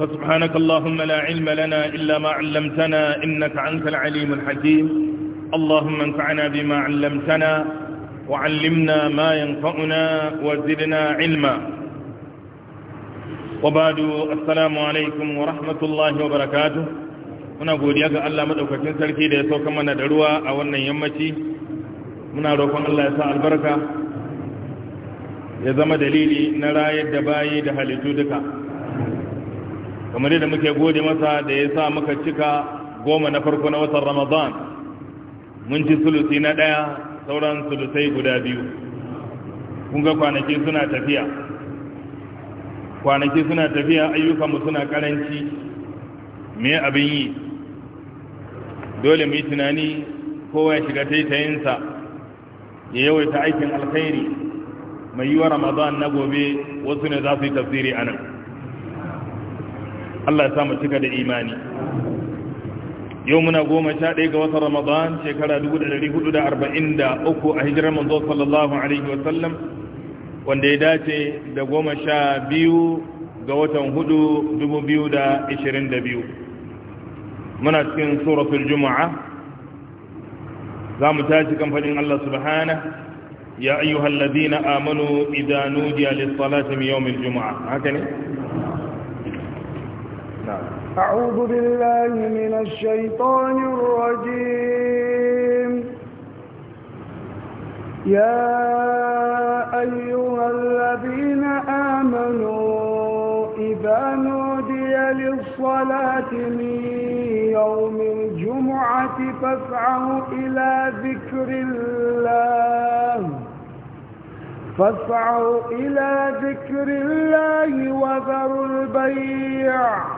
فسبحانك اللهم لا علم لنا إلا ما علمتنا إنك أنت العليم الحكيم اللهم انفعنا بما علمتنا وعلمنا ما ينفعنا وزدنا علما وبعد السلام عليكم ورحمة الله وبركاته muna godiya ga Allah madaukakin sarki da ya sauka mana da ruwa a wannan yammaci muna roƙon Allah ya sa albarka ya zama dalili na rayar da bayi da halittu duka kamar yadda muke gode masa da ya sa muka cika goma na farko na watan ramadan mun ci sulusi na ɗaya sauran sulusai guda biyu kun ga kwanaki suna tafiya kwanaki suna tafiya ayyukanmu suna karanci me abin yi dole mu yi tunani kowa ya shiga taitayinsa ya yawaita aikin alkhairi mai yiwa ramadan na gobe wasu ne za su yi tafsiri a nan Allah ya samu cika da imani yau muna goma sha ɗaya ga watan ramadan shekara 443 a hijirar manzo sallallahu alaihi wasallam wanda ya dace da goma sha biyu ga watan hudu 2022 muna cikin suratul juma'a za mu tashi kamfanin Allah subhana ya ayyuhallazina amanu idanu nudiya lissalati yawmil juma'a haka ne أعوذ بالله من الشيطان الرجيم يا أيها الذين آمنوا إذا نودي للصلاة من يوم الجمعة فاسعوا إلى ذكر الله فاسعوا إلى ذكر الله وذروا البيع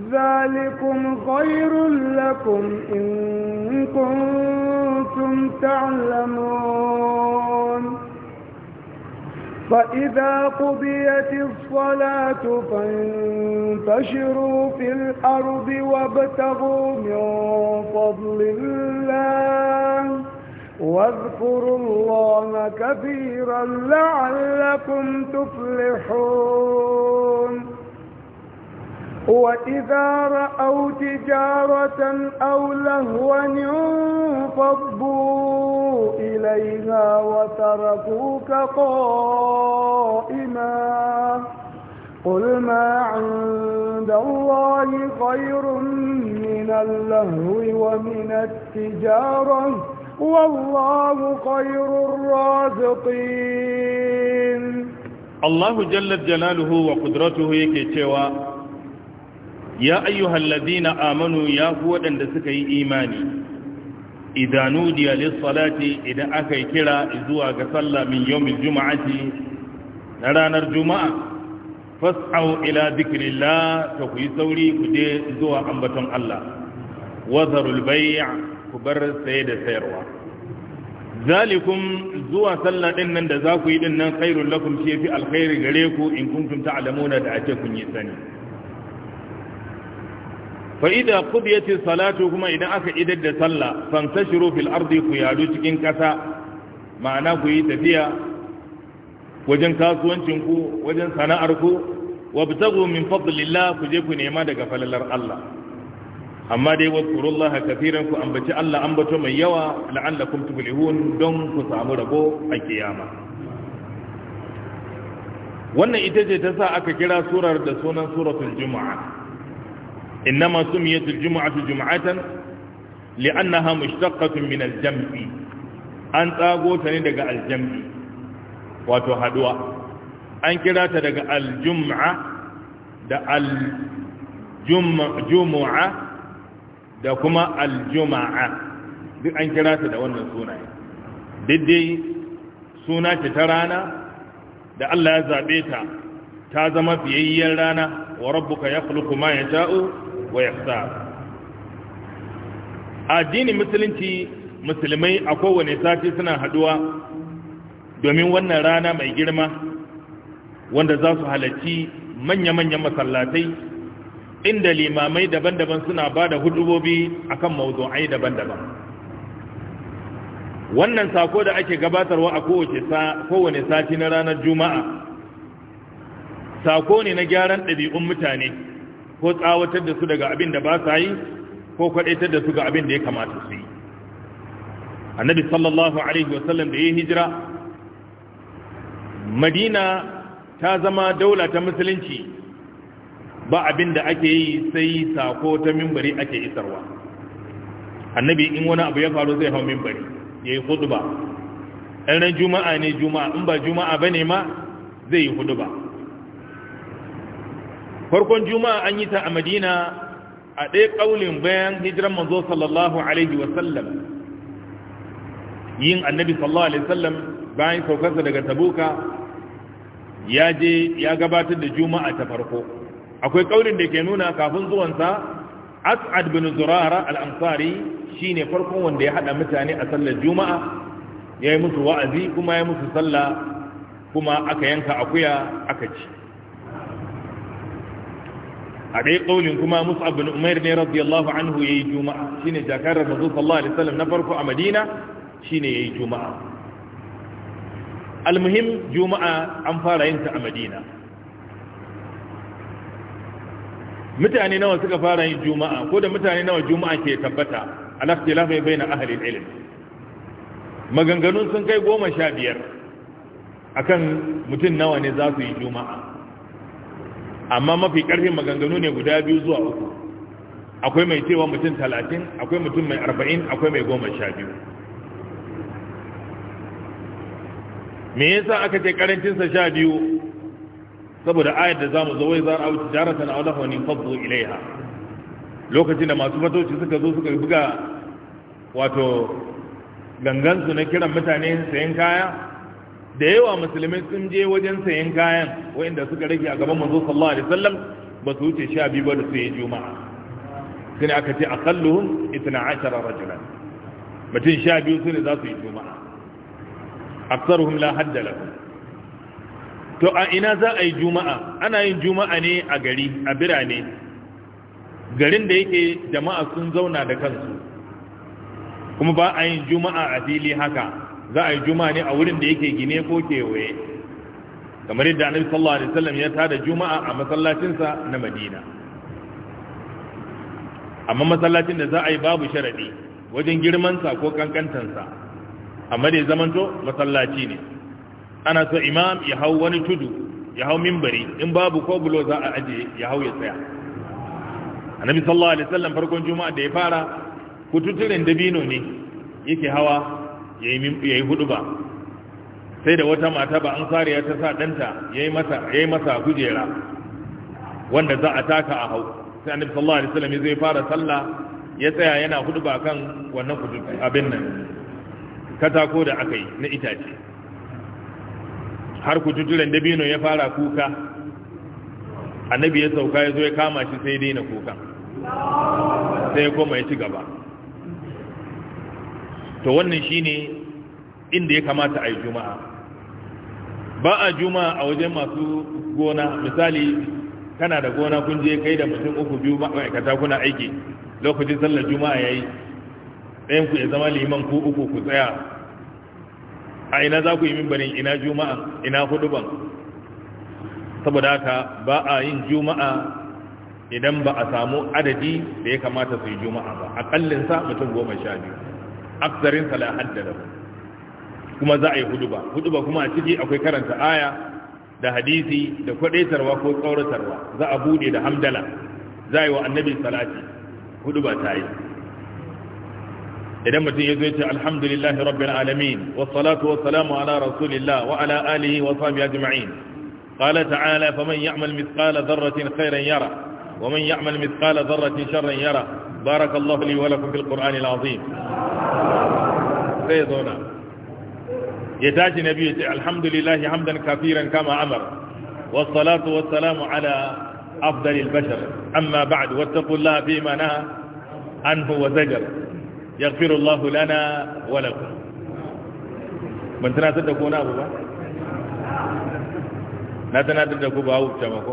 ذلكم خير لكم إن كنتم تعلمون فإذا قضيت الصلاة فانتشروا في الأرض وابتغوا من فضل الله واذكروا الله كثيرا لعلكم تفلحون وإذا رأوا تجارة أو لهوا انفضوا إليها وتركوك قائما قل ما عند الله خير من اللهو ومن التجارة والله خير الرازقين الله جل جلاله وقدرته يكي ya ayyuhal ladina amanu ya ku waɗanda suka yi imani idan diyalis salati idan aka yi kira zuwa ga sallah min yawmil juma'ati na ranar juma'a fas'au ila dhikrillah ta ku yi sauri ku je zuwa ambaton Allah wa zarul ku bar saye da sayarwa zalikun zuwa sallah din nan da za ku yi din nan khairul lakum shi fi alkhairi gare ku in kuntum ta'lamuna da ake kun yi sani fa'ida ce salatu kuma idan aka idar da sallah fantashiru fil ardi ku yadu cikin ƙasa ma'ana ku yi tafiya wajen kasuwancinku wajen sana'arku wabtagu min fadlillah ku je ku nema daga falalar Allah amma dai wadkurullaha kafiran ku ambaci Allah ambato mai yawa la'allakum tuflihun don ku samu rabo a kiyama wannan ita ce ta sa aka kira surar da sunan suratul juma'a إنما سميت الجمعة جمعة لأنها مشتقة من الجمع أن تاغوتني دقاء الجمع وتهدوى أن كرات دقاء الجمعة دقاء الجمعة دقما الجمعة دقاء أن كرات دقاء السنة ددي سنة ترانا da Allah ya zaɓe ta ta zama fiyayyen rana wa rabbuka ya ma ya sha'u wa yasa addinin musulunci musulmai a kowane sati suna haduwa domin wannan rana mai girma wanda za su halarci manya-manyan masallatai inda limamai daban-daban suna ba da hudubobi akan mawuzo'ai daban-daban wannan sako da ake gabatarwa a kowane sati na ranar juma'a sako ne na gyaran ɗabi'un mutane ko tsawatar da su daga abin da ba sa yi ko kwadaitar da su ga abin da ya kamata su yi annabi sallallahu alaihi wasallam da ya hijira madina ta zama daula ta musulunci ba abin da ake yi sai sako ta mimbari ake isarwa annabi in wani abu ya faru zai hau mimbari ya yi hudu ba ɗanar juma'a ne juma'a in ba juma'a ba ne ma zai yi hudu ba farkon juma'a an yi ta a madina a ɗaya ƙaunin bayan hijiran manzo sallallahu alaihi wasallam yin annabi sallallahu alaihi wasallam bayan saukarsa daga tabuka ya je ya gabatar da juma'a ta farko akwai ƙaunin da ke nuna kafin zuwansa as'ad bin zurara al shi shine farkon wanda ya hada mutane a sallar juma'a yayi musu wa'azi kuma yi musu sallah kuma aka yanka akuya aka ci a ɗaya ƙaunin kuma Musa bin umair ne radiyallahu anhu yayi juma'a shine jakarar manzo sallallahu alaihi wasallam na farko a madina shine yayi juma'a almuhim juma'a an fara yin ta a madina mutane nawa suka fara yin juma'a ko da mutane nawa juma'a ke tabbata alakhtilafi bayna ahalin ilm maganganun sun kai goma sha biyar akan mutum nawa ne za su yi juma'a amma mafi karfin maganganu ne guda biyu zuwa uku akwai mai cewa mutum talatin akwai mutum mai arba'in akwai mai goma sha biyu me yasa aka ce karancinsa sha biyu saboda ayar da za mu zo wai za a wuce jarata na wala hawani faddu ilaiha lokacin da masu fatoci suka zo suka buga wato gangansu na kiran mutane sayan kaya da yawa musulmai sun je wajen sayan kayan wayanda suka rage a gaban manzo sallallahu alaihi wasallam ba su wuce sha biyu ba da su yi juma'a sai aka ce aqalluhum 12 rajulan mutum sha biyu su ne za su yi juma'a aksaruhum la hadda lahum to a ina za a yi juma'a ana yin juma'a ne a gari a birane garin da yake jama'a sun zauna da kansu kuma ba a yin juma'a a fili haka za a yi juma'a ne a wurin da yake gine ko kewaye kamar yadda annabi sallallahu alaihi wasallam ya tada juma'a a masallacinsa na madina amma masallacin da za a yi babu sharadi wajen girmansa ko sa amma dai zamanto masallaci ne ana so imam ya hau wani tudu ya hau minbari in babu ko bulo za a aje ya hau ya tsaya annabi sallallahu alaihi wasallam farkon juma'a da ya fara kututurin dabino ne yake hawa ya yi hudu ba sai da wata mata ba an kariya ta sa danta ya yi masa kujera wanda za a taka a hau sai annabi sallallahu alaihi wasallam zai fara sallah ya tsaya yana hudu ba kan wannan abin nan katako da aka yi na itace har kututuren dabino ya fara kuka annabi ya sauka ya zo ya kama shi sai daina kuka sai ya koma ya ci gaba to wannan shine inda ya kamata a yi juma'a ba a juma'a a wajen masu gona misali kana da gona kun je kai da mutum uku biyu ma'aikata kuna aiki lokacin sallar juma'a yayi ɗayan ku ya zama liman ku uku ku tsaya a ina za ku yi mimbarin ina juma'a ina ban? saboda haka ba a yin juma'a idan ba a samu adadi da ya kamata su yi juma'a ba A akallinsa mutum goma sha biyu aksarin la haddada kuma za a yi huduba huduba kuma a ciki akwai karanta aya da hadisi da kwadaitarwa ko tsauratarwa za a bude da hamdala za a yi wa annabi salati huduba ta yi idan mutum ya zo ya ce alhamdulillahi rabbil alamin wassalatu wassalamu ala rasulillah wa ala alihi wa sahbihi ajma'in qala ta'ala faman ya'mal mithqala dharratin khairan yara wa man ya'mal mithqala dharratin sharran yara بارك الله لي ولكم في القرآن العظيم سيدنا يتاج نبي الحمد لله حمدا كثيرا كما أمر والصلاة والسلام على أفضل البشر أما بعد واتقوا الله فيما نهى عنه وزجر يغفر الله لنا ولكم من تناسل تكون أبو بكر na tanatar da ku ba wuce mako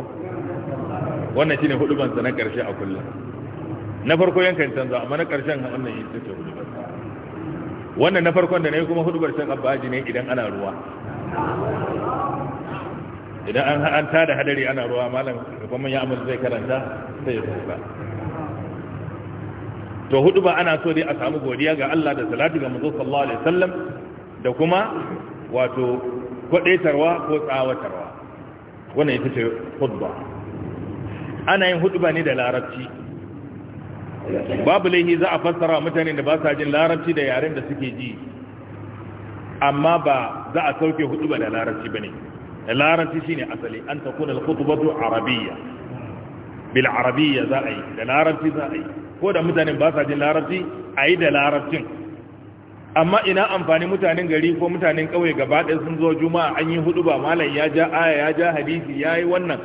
wannan shine hudubansa na karshe a kullum na farko yankan canza amma na ƙarshen wannan ita ce hudubar wannan na farkon da na yi kuma hudu shan abba ne idan ana ruwa idan an ha'anta da hadari ana ruwa malam kuma ya amur zai karanta sai ya tafi to hudu ba ana so dai a samu godiya ga Allah da salatu ga manzo sallallahu alaihi wasallam da kuma wato kwadaitarwa ko tsawatarwa wannan ita ce hudba ana yin hudba ne da larabci babu laihi za a fassara wa mutane da ba sa jin larabci da yaren da suke ji amma ba za a sauke hudu ba da larabci ba ne larabci shine asali an ta kuna alkhutubatu arabiyya bil arabiyya za a yi da larabci za a yi ko da mutanen ba sa jin larabci a yi da larabcin amma ina amfani mutanen gari ko mutanen kauye gaba ɗaya sun zo juma'a an yi hudu ba malam ya ja aya ya ja hadisi ya yi wannan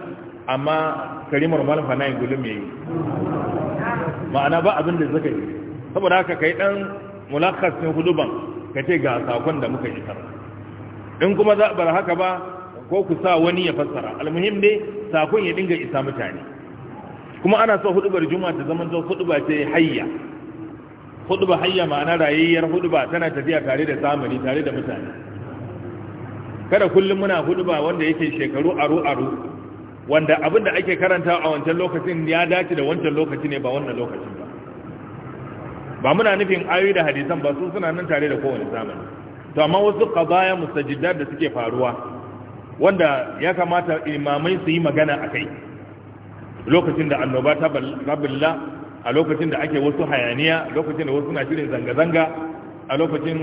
amma karimar malam fanayin gulum ya yi ma'ana ba abin da suka yi saboda haka kai dan mulakas ne huduban ka ce ga sakon da muka yi in kuma za bar haka ba ko ku sa wani ya fassara almuhim ne sakon ya dinga isa mutane kuma ana so hudubar juma'a ta zama zo huduba ce hayya huduba hayya ma'ana rayayyar huduba tana tafiya tare da zamani tare da mutane kada kullum muna huduba wanda yake shekaru aro aro wanda abin da ake karanta a wancan lokacin ya dace da wancan lokaci ne ba wannan lokacin ba ba muna nufin ayoyi da hadisan ba su suna nan tare da kowane zamani to amma wasu qadaya mustajiddat da suke faruwa wanda ya kamata imamai su yi magana akai lokacin da annoba ta rabbilla a lokacin da ake wasu hayaniya lokacin da wasu na shirin zanga-zanga a lokacin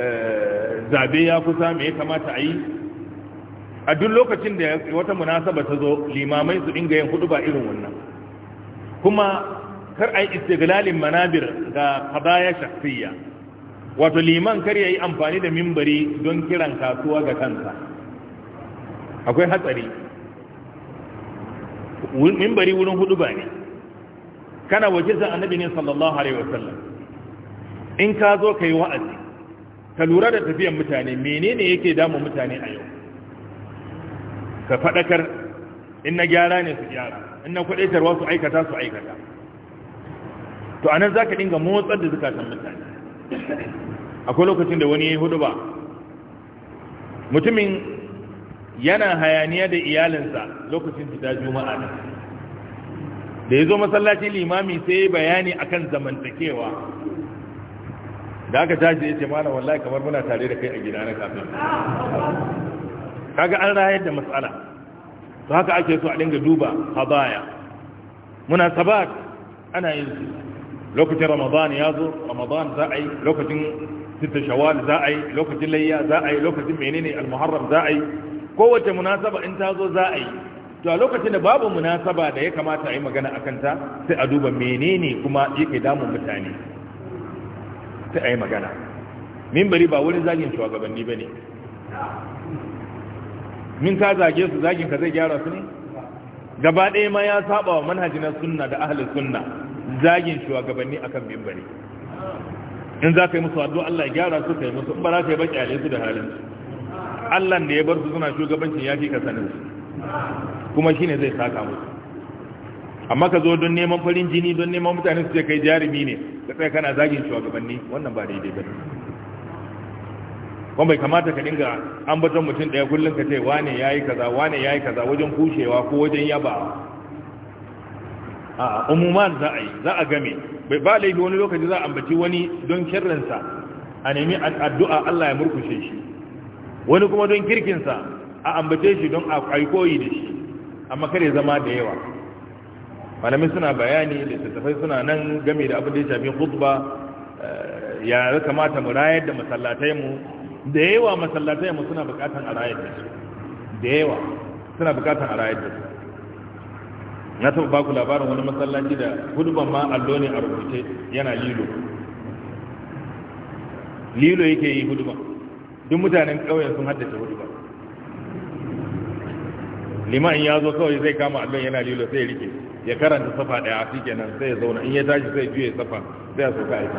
eh, zabe ya kusa me ya kamata a yi a duk lokacin da wata munasaba ta zo limamai su dinga yin hudu ba irin wannan kuma kar a yi manabir ga qadaya shakhsiyya wato liman kar ya yi amfani da mimbari don kiran kasuwa ga kansa akwai hatsari mimbari wurin hudu ba ne kana da annabi ne sallallahu alaihi wasallam in ka zo ka yi wa'azi ka lura da tafiyan mutane menene yake damu mutane a yau ka faɗakar in na gyara ne su gyara in na kwaɗaitarwa su aikata su aikata to anan za ka dinga motsar da zukatan mutane akwai lokacin da wani ya yi hudu ba mutumin yana hayaniya da iyalinsa lokacin fita juma'a ne da ya zo masallaci limami sai bayani akan zamantakewa da aka tashi ya ce mana wallahi kamar muna tare da kai a gidana kafin kaga an rayar da matsala to haka ake so a dinga duba habaya muna sabat ana yin su lokacin ramadan ya zo ramadan za a yi lokacin sita shawal za a yi lokacin layya za a yi lokacin menene almuharram za a yi kowace munasaba in ta zo za a yi to a lokacin da babu munasaba da ya kamata a yi magana a kanta sai a duba menene kuma yake damun mutane sai a yi magana bari ba wurin zagin shugabanni ba ne min ka zage su zaginka ka zai gyara su ne gaba ɗaya ma ya saba wa manhaji na sunna da ahli sunna zagin shugabanni akan mimbari in za ka yi musu addu'a Allah ya gyara su kai musu in ba za ka yi baki ale su da halin su Allah da ya bar su suna shugabancin ya fi ka sanin su kuma shine zai saka musu amma ka zo don neman farin jini don neman mutane su ce kai jarumi ne ka tsaya kana zagin shugabanni wannan ba daidai ba ne kuma bai kamata ka dinga ambaton mutum daya kullum ka ce wane yayi kaza wane yayi kaza wajen kushewa ko wajen yaba a umuman za a yi za a game bai ba laifi wani lokaci za a ambaci wani don sharrinsa a nemi addu'a Allah ya murkushe shi wani kuma don kirkinsa a ambace shi don a koyi da shi amma kare zama da yawa malami suna bayani da littattafai suna nan game da abin da ya shafi khutba eh, ya kamata mu rayar da masallatai mu da yawa masallatai mu suna bukatan a rayar da su da yawa suna bukatan a rayar da su na taɓa baku labarin wani masallaci da gudban ma allo ne a rubuce yana lilo lilo yake yi gudban duk mutanen ƙauyen sun haddace gudban liman ya zo kawai zai kama allon yana lilo sai rike ya karanta safa ɗaya a shi kenan sai ya zauna in ya tashi sai juya safa sai a soka a yi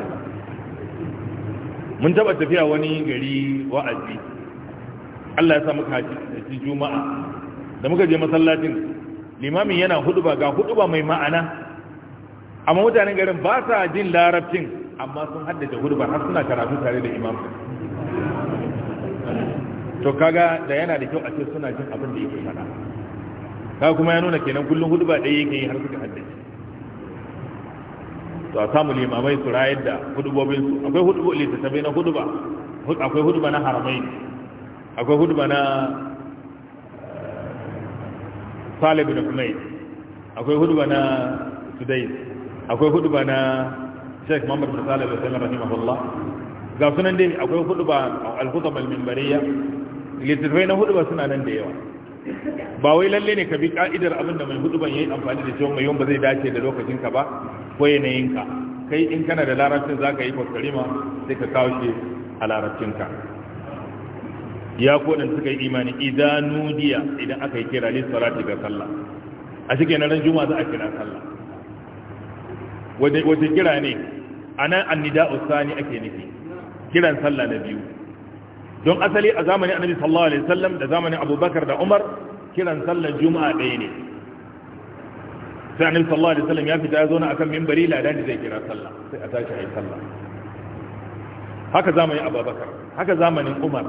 mun taba tafiya wani gari wa'azi Allah ya sa muka haji juma'a da muka je masallacin limamin yana huduba ga huduba mai ma'ana amma mutanen garin ba sa jin larabcin amma sun haddace huduba har suna karatu tare da imam to kaga da yana da kyau a ce suna jin abin da yake faɗa kaga kuma ya nuna kenan kullum huduba ɗaya yake yi har suka haddace to a samu limamai su rayar da su akwai hudubo littattafai na huduba akwai huduba na haramai akwai huduba na eh, salib na kuma akwai huduba na sudai akwai huduba na sheik muhammad bin salib da sallar rahimahullah ga sunan dai akwai huduba al-huduba al-mimbariya Litattafai na huduba suna nan da yawa ba wai lalle ne ka bi ka'idar abin da mai hudu ban yi amfani da cewa mai yawan ba zai dace da lokacin ka ba ko yanayin ka kai in kana da larabcin za ka yi kwaskarima sai ka kawo shi a larabcin ka ya kodin suka yi imani idanudiya idan aka yi kira ne sarati ga sallah a shi kenan ran juma za a kira sallah wace kira ne A anan annida'u sani ake nufi kiran sallah na biyu don asali a zamanin annabi sallallahu alaihi wasallam da zamanin abubakar da umar kiran sallar juma'a ɗaya ne sai annabi sallallahu alaihi wasallam ya fita ya zauna akan mimbari ladan da zai kira sallah sai a tashi ayi sallah haka zamanin abubakar haka zamanin umar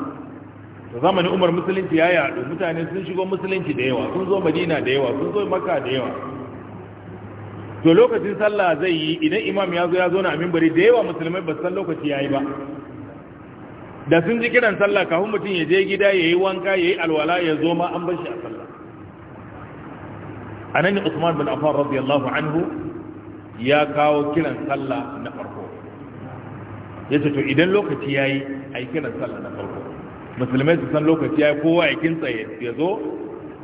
da zamanin umar musulunci ya yaɗu mutane sun shigo musulunci da yawa sun zo madina da yawa sun zo makka da yawa to lokacin sallah zai yi idan imam ya zo ya zo na minbari da yawa musulmai ba san lokaci yayi ba da sun ji kiran sallah kafin mutum ya je gida ya yi wanka ya yi alwala ya zo ma an bashi shi a sallah a nan usman bin affan radiyallahu anhu ya kawo kiran sallah na farko ya ce to idan lokaci ya yi a yi kiran sallah na farko musulmai su san lokaci ya yi kowa ya kintsa ya zo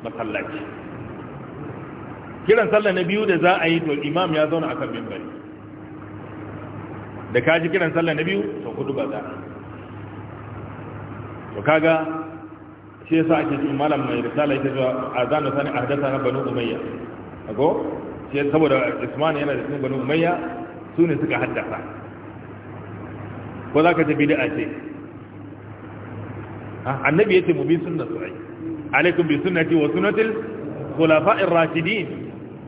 masallaci kiran sallah na biyu da za a yi to imam ya zauna a kan mimbari da ka ji kiran sallah na biyu to hudu ba za a to kaga shi yasa ake cikin malam mai risala yake zuwa azanu sani ahdasa na banu umayya ago shi saboda usman yana da cikin banu umayya su ne suka haddasa ko za ka ce bid'a ce annabi ce mu bi sunna su ai alaikum bi sunnati wa sunnatil khulafa'ir rashidin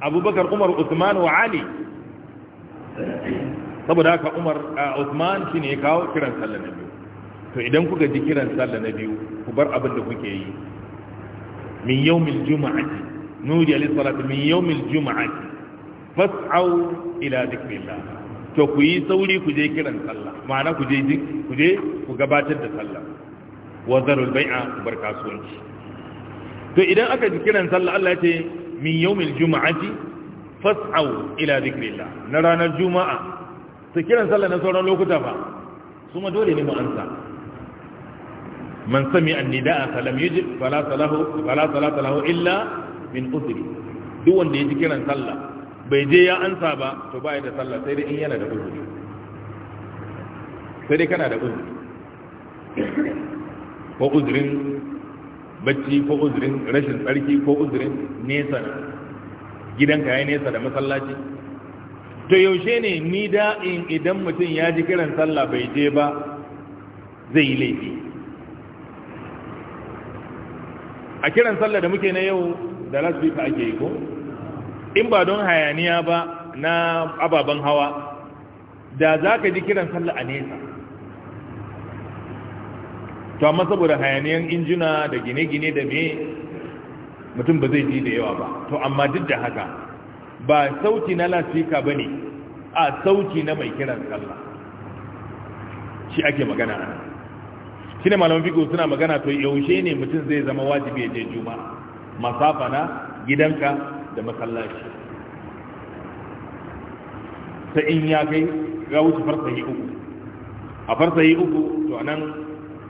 abubakar umar usman wa ali saboda haka umar usman shine ya kawo kiran sallan nabi to idan kuka ji kiran sallah na biyu ku bar abin da kuke yi min yawmil juma'ati nuri alayhi salatu min yawmil juma'ati fas'au ila dhikrillah to ku yi sauri ku je kiran sallah ma'ana ku je ku je ku gabatar da sallah wa zarul bai'a ku bar kasuwanci to idan aka ji kiran sallah Allah ya ce min yawmil juma'ati fas'au ila dhikrillah na ranar juma'a su kiran sallah na sauran lokuta fa su ma dole ne mu ansa man sami annida'a falam yajib fala salahu fala salata lahu illa duk wanda ya ji kiran sallah bai je ya ansa ba to ba da sallah sai dai in yana da uzuri sai dai kana da uzuri ko uzurin bacci ko uzurin rashin tsarki ko uzurin nesa gidanka ya nesa da masallaci to yaushe ne ni da'in idan mutum ya ji kiran sallah bai je ba zai yi laifi a kiran sallah da muke na yau da lasbika ake yi ko in ba don hayaniya ba na ababen hawa da za ka ji kiran sallah a nesa to amma saboda hayaniyan injina da gine-gine da me mutum ba zai ji da yawa ba to amma duk da haka ba sauti na lasika ba ne a sauti na mai kiran sallah shi ake magana ne malamin fiqh suna magana to yaushe ne mutum zai zama wajibi ya je juma'a masafa na gidanka da masallaci ta in ya kai ga wuce yi uku a yi uku to anan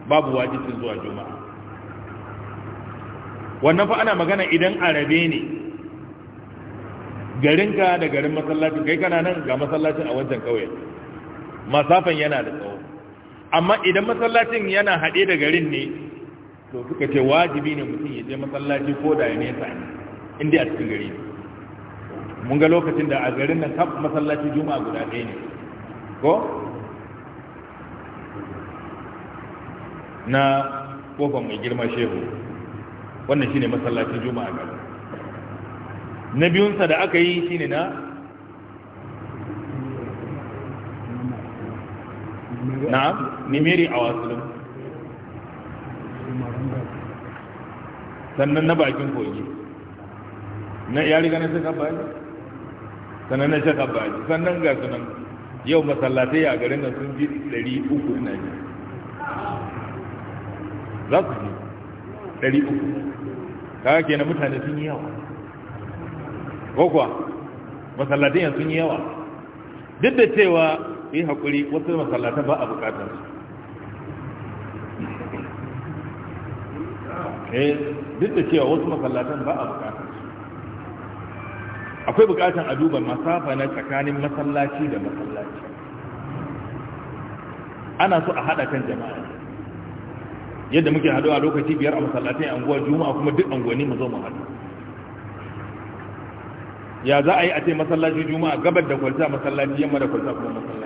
babu wajibin zuwa juma'a wannan fa ana magana idan arabe ne garinka da garin masallacin kai kana nan ga masallacin a wancan kawai masafan yana da tsawo amma idan masallacin yana haɗe da garin ne to suka ce wajibi ne mutum ya je masallaci ko da ya nesa ne inda a cikin gari ne mun ga lokacin da a garin nan kaf masallaci juma'a guda ɗaya ne ko na kofar mai girma shehu wannan shine masallacin juma'a garin na biyunsa da aka yi shine na na'am nimiri a wasulun sannan na bakin kogi na ya riga na shaka baji sannan na shaka baji sannan ga sunan yau masallatai a garin da sun ji 300 ina ji za su ji 300 kaga kenan mutane sun yi yawa ko kuwa masallatai sun yi yawa duk da cewa yi haƙuri wasu masallatan ba a bukatar eh duk da cewa wasu masallatan ba a bukatar akwai bukatar a duba masafa na tsakanin masallaci da masallaci ana so a haɗa kan jama'a yadda muke haɗu a lokaci biyar a masallatai anguwa juma'a kuma duk anguwanni mu zo mu haɗu ya za a yi a ce masallaci juma'a gabar da kwalta masallaci yamma da kwalta kuma masallaci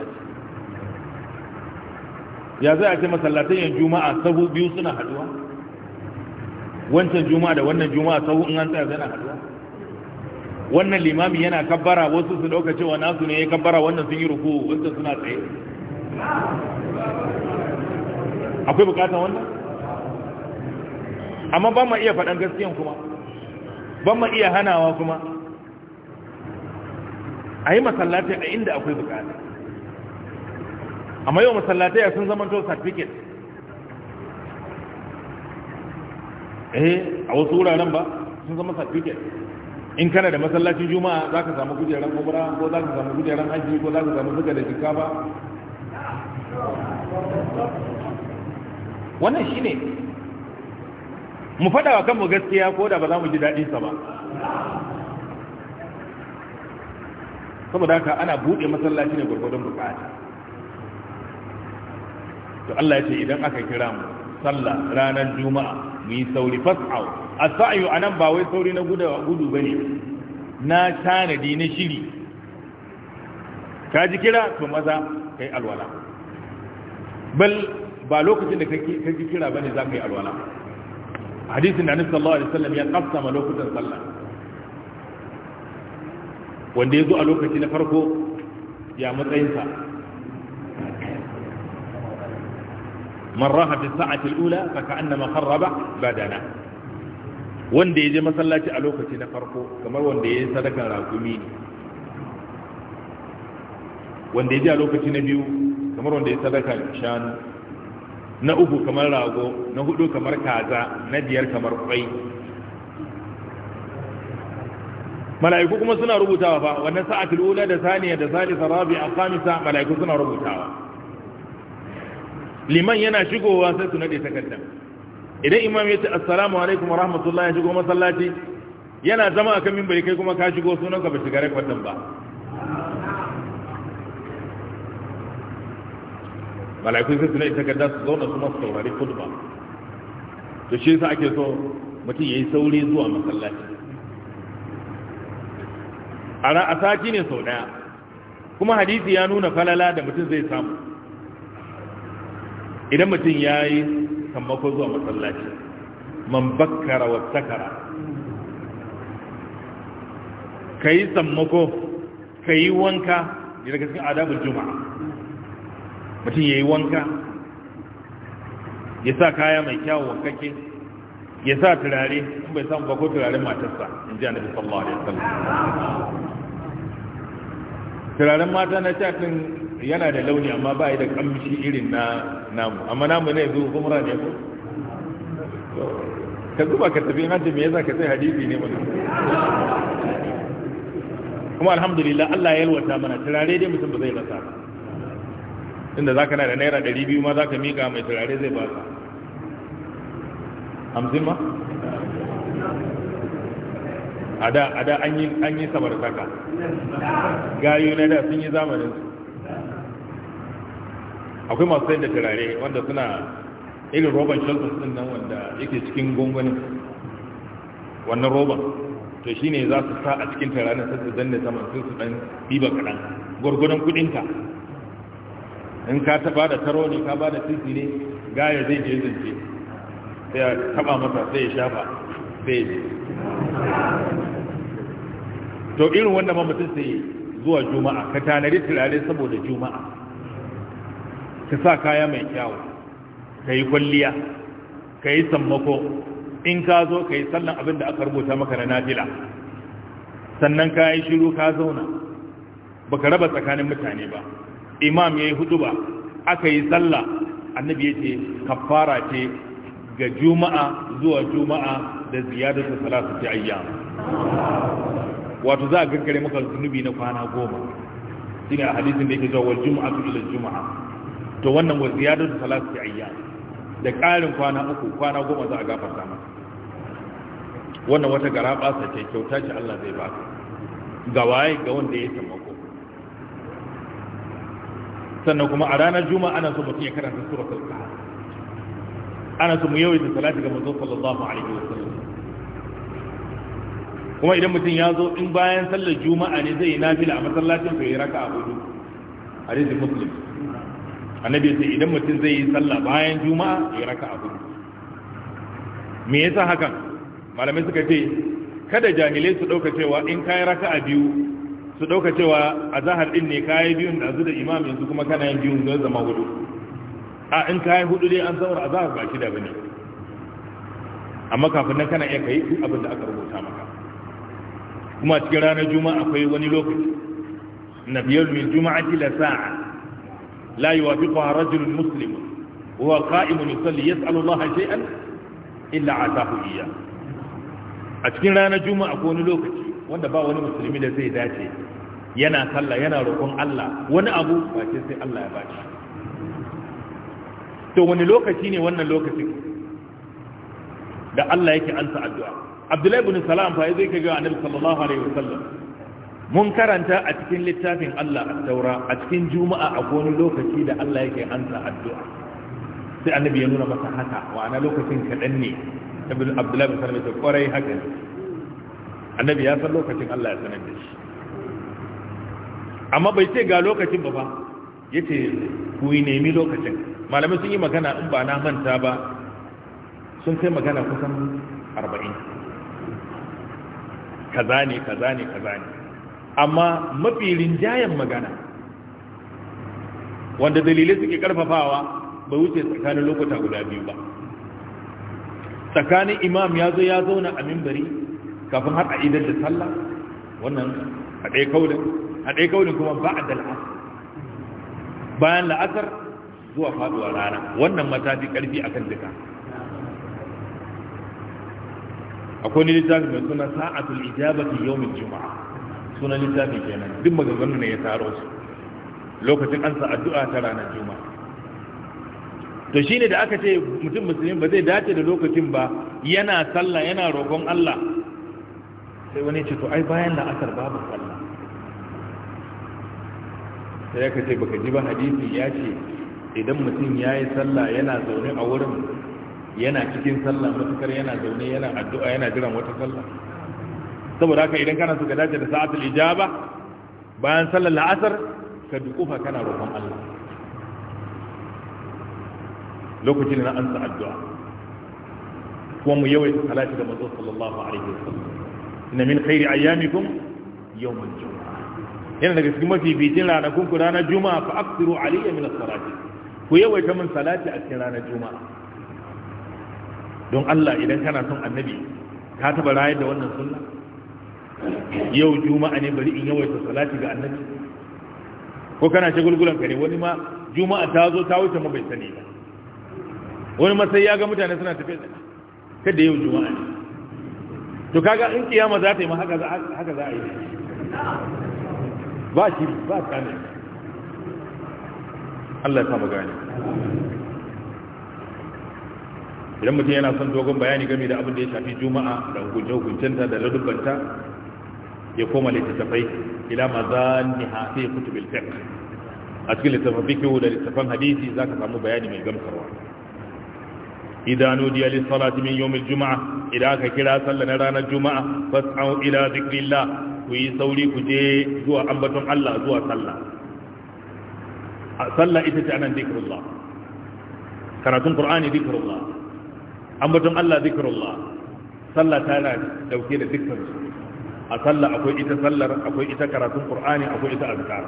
ya zai a ce masallatan yin juma'a sahu biyu suna haduwa wancan juma'a da wannan juma'a sahu in an tsaya zai na haduwa wannan limami yana kabbara wasu su dauka cewa nasu ne ya kabbara wannan sun yi ruku wancan suna tsaye akwai bukatar wannan amma ba mu iya faɗan gaskiyan kuma ba mu iya hanawa kuma a yi masallatai a inda akwai bukatar amma yau masallatai sun zama to certificate eh a wasu wuraren ba sun zama certificate in kana da masallacin juma'a za ka samu kujeran kobara, ko za ka samu kujeran haji, ko za ka samu suka da jika ba wannan shi ne mu fada wa kanmu gaskiya ko da ba za mu ji daɗinsa ba saboda haka ana buɗe masallaci ne gwargwadon bukata to Allah ya ce idan aka kira mu sallah ranar juma'a mu yi sauri fas'au as-sa'yu anan ba wai sauri na gudu gudu bane na tanadi na shiri ka ji kira to maza kai alwala bal ba lokacin da ka ji kira bane za ka yi alwala hadisin da annabi sallallahu alaihi wasallam ya kasama lokutan sallah wanda ya zo a lokaci na farko ya matsayinsa man raha fi sa'ati al-ula fa ka'annama kharraba badana wanda ya je masallaci a lokaci na farko kamar wanda ya yi sadakan rakumi ne wanda ya je a lokaci na biyu kamar wanda ya yi sadakan shanu na uku kamar rago na hudu kamar kaza na biyar kamar kwai mala'iku kuma suna rubutawa ba, wannan sa'atul ula da saniya da salisa rabi'a khamisa mala'iku suna rubutawa liman yana shigowa sai su nade takarda idan imam ya ce assalamu alaikum wa rahmatullahi ya shigo masallaci yana zama akan mimbari kai kuma ka shigo sunan ka ba shiga rekwadin ba malaiku sai su nade takarda su zauna su masu saurari khutba to shi yasa ake so mutum yayi sauri zuwa masallaci a sati ne sau daya kuma hadisi ya nuna falala da mutum zai samu idan mutum ya yi sammako zuwa masallaci man bakkara wa takara. ka yi sammako ka yi wanka daga cikin adabin juma'a mutum ya yi wanka ya sa kaya mai kyawun wankake ya sa turare kuma bai samu bako turare matarsa in ji annabi sallallahu alaihi wasallam turaren mata na cikin yana da launi amma ba da kamshi irin na namu amma namu ne zuwa kumra ne ko ka zuba ka tafi hajji me yasa ka sai hadisi ne mana kuma alhamdulillah Allah ya yalwata mana turare dai mutum ba zai rasa ba inda zaka na da naira 200 ma zaka mika mai turare zai baka hamsin ma a da an yi sabar saka gayu na da sun yi zamanin su akwai masu sayar da turare wanda suna irin roban shelters din nan wanda yake cikin gungunin wannan roban to shi ne za su sa a cikin taranin su zanne saman sun su ɗan biba kaɗan gwargwadon kuɗinka in ka taɓa da taro ne ka ba da titi ne gaya zai je zance sai ya taɓa masa sai ya shafa sai ya je to irin wanda ma mutum sai zuwa juma'a ka tanadi turare saboda juma'a ka sa kaya mai kyawu ka yi kwalliya ka yi sammako in ka zo ka yi sallan abin da aka rubuta maka na nafila sannan ka yi shiru ka zauna ba ka raba tsakanin mutane ba imam ya yi hudu ba aka yi sallah annabi ya ce kafara ce ga juma'a zuwa juma'a da ziyadar da salatu ta ayya wato za a gaggare maka zunubi na kwana goma a hadisun da yake zuwa wal jumu'atu ila juma'a to wannan wa ziyadatu salatu ayya. da ƙarin kwana uku kwana goma za a gafarta masa wannan wata garaba sa ce kyauta ce Allah zai ba ka. ga waye ga wanda ya taimako sannan kuma a ranar juma'a ana so mutum ya karanta sura kahf ana so mu yawaita salati ga manzo sallallahu alaihi wasallam kuma idan mutum ya zo in bayan sallar juma'a ne zai yi nafila a masallacin sai ya raka a hudu hadisi muslim annabi sai idan mutum zai yi sallah bayan juma'a ya raka a hudu me yasa hakan malamai suka ce kada jahilai su dauka cewa in kai raka a biyu su dauka cewa a zahar din ne kai biyun da azu da imam yanzu kuma kana yin biyun zai zama hudu a in kai hudu dai an zaura a zahar ba shi da bane amma kafin nan kana iya kai duk abin da aka rubuta maka kuma cikin ranar juma'a akwai wani lokaci na biyar min juma'ati la sa'a la yuwafiquha rajulun muslim wa qa'imun yusalli yas'alu Allah shay'an illa atahu iyya a cikin ranar juma'a ko wani lokaci wanda ba wani musulmi da zai dace yana sallah yana roƙon Allah wani abu ba ce sai Allah ya to wani lokaci ne wannan lokacin da Allah yake ansa addu'a Abdullahi ibn Salam fa zai ga Annabi sallallahu alaihi wasallam mun karanta a cikin littafin Allah a taura a cikin juma'a a wani lokaci da Allah yake ansa addu'a sai annabi ya nuna masa haka wa ana lokacin kaɗan ne abin abdullahi bin sarmi ta kwarai haka annabi ya san lokacin Allah ya sanar da shi amma bai ce ga lokacin ba ba ya ce ku yi nemi lokacin malamai sun yi magana in ba na manta ba sun kai magana kusan arba'in kaza ne kaza ne kaza ne amma mafi rinjayen magana wanda dalilai suke karfafawa bai wuce tsakanin lokuta guda biyu ba tsakanin imam ya zo ya zauna a mimbari kafin har a idan da sallah wannan a ɗaya kaunin kuma ba a dal'as bayan la'asar zuwa faduwa rana wannan matafi ƙarfi a kan duka akwai ne littafi mai suna sa'atul ijabati yawmin juma'a sunan littafin kenan duk maganganu ne ya taro su lokacin an sa addu'a ta ranar juma to shine da aka ce mutum musulmi ba zai dace da lokacin ba yana sallah yana roƙon Allah sai wani ce to ai bayan asar babu sallah sai aka ce baka ji ba hadisi ya ce idan mutum ya yi sallah yana zaune a wurin yana cikin sallah matukar yana zaune yana addu'a yana jiran wata sallah saboda haka idan kana so ka dace da sa'atul ijaba bayan sallar la'asar ka dukufa kana roƙon Allah lokacin na an addu'a kuma mu yawaita salati da manzo sallallahu alaihi wasallam inna min khairi ayyamikum yawmul jumu'ah yana daga cikin mafi bitin ranakun ku ranar juma'a fa aksiru aliyya min as-salati ku yawaita min salati a cikin ranar juma'a don Allah idan kana son annabi ka taba rayar da wannan sunna yau juma'a ne bari in yawaita salati ga annabi ko kana shagulgulan ka ne wani ma juma'a ta zo ta wuce ma bai sani ba wani ma sai ya ga mutane suna tafiya kada yau juma'a ne to kaga in kiyama za ta yi ma haka za haka za a yi ba shi ba ne Allah ya sa mu gane idan mutum yana son dogon bayani game da abin da ya shafi juma'a da hukunce-hukuncenta da ladubbanta ya koma littattafai ila mazanniha hafi kutubil fiqh a cikin littattafai fiqh da littattafan hadisi zaka samu bayani mai gamsarwa idan nudiya li salati min yawm al jum'a idan ka kira sallah na ranar juma'a fas'au ila dhikrillah ku yi sauri ku je zuwa ambaton Allah zuwa sallah sallah ita ce anan dhikrullah karatun qur'ani dhikrullah ambaton Allah dhikrullah sallah tana dauke da dukkan su a sallah akwai ita sallar akwai ita karatun qur'ani akwai ita azkar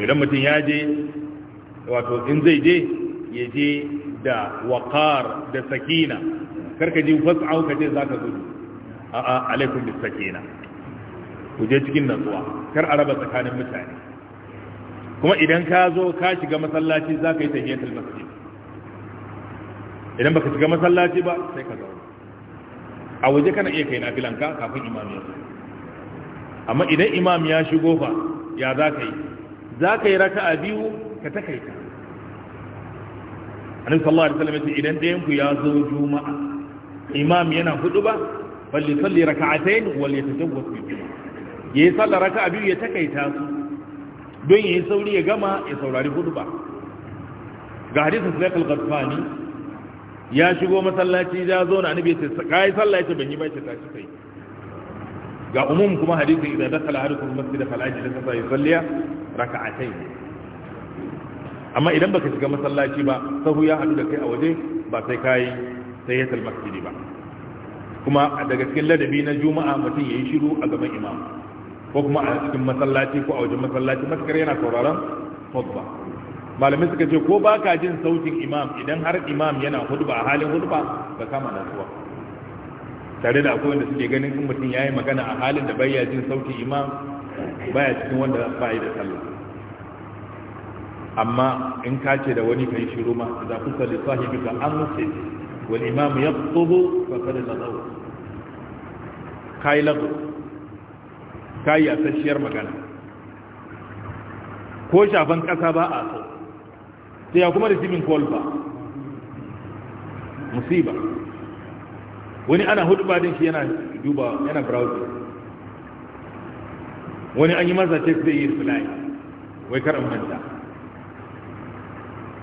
idan mutum ya je wato in zai je ya je da waqar da sakina karka ji fas'au ka je zaka gudu a a alaikum bis sakina ku je cikin natsuwa kar a raba tsakanin mutane kuma idan ka zo ka shiga masallaci zaka yi tahiyatul masjid idan baka shiga masallaci ba sai ka zauna a waje kana iya kai nafilanka kafin imami ya amma idan imam ya shigo fa ya za ka yi za ka yi raka'a biyu ka takaita annabi sallallahu alaihi wasallam idan ɗayan ku ya zo juma'a imam yana hudu ba balli salli raka'atayn wal yatajawwaz fi juma'a yayi sallar raka'a biyu ya takaita su don yayi sauri ya gama ya saurari hudu ba ga hadisin Sulaykal Ghaffani ya shigo masallaci ya zauna annabi ya ce kai sallah yace ban yi ba ta tashi kai ga umum kuma hadisin idan da dakala hadukum masjid fala yajlis fa yusalli rak'atayn amma idan baka shiga masallaci ba sahu ya hadu da kai a waje ba sai kai sayyatul masjid ba kuma daga cikin ladabi na juma'a mutum yayi shiru a gaban imam ko kuma a cikin masallaci ko a wajen masallaci matakar yana sauraron khutba malamai suka ce ko ba ka jin sautin imam idan har imam yana hudba a halin hudba ba kama na zuwa. tare da akwai wanda suke ganin kuma mutum ya yi magana a halin da ya jin sautin imam baya cikin wanda ba yi da sallah amma in ka ce da wani kai shiru ma za ku salli sahibi ka an mutu wal imam ya tsoho ba kada da tsawo ka yi lagu ka yi asasshiyar magana ko shafan ƙasa ba a so te ya kuma da call ba musiba wani ana hudu ba din shi yana duba yana browser wani an yi masa text zai yi reply wai karan manta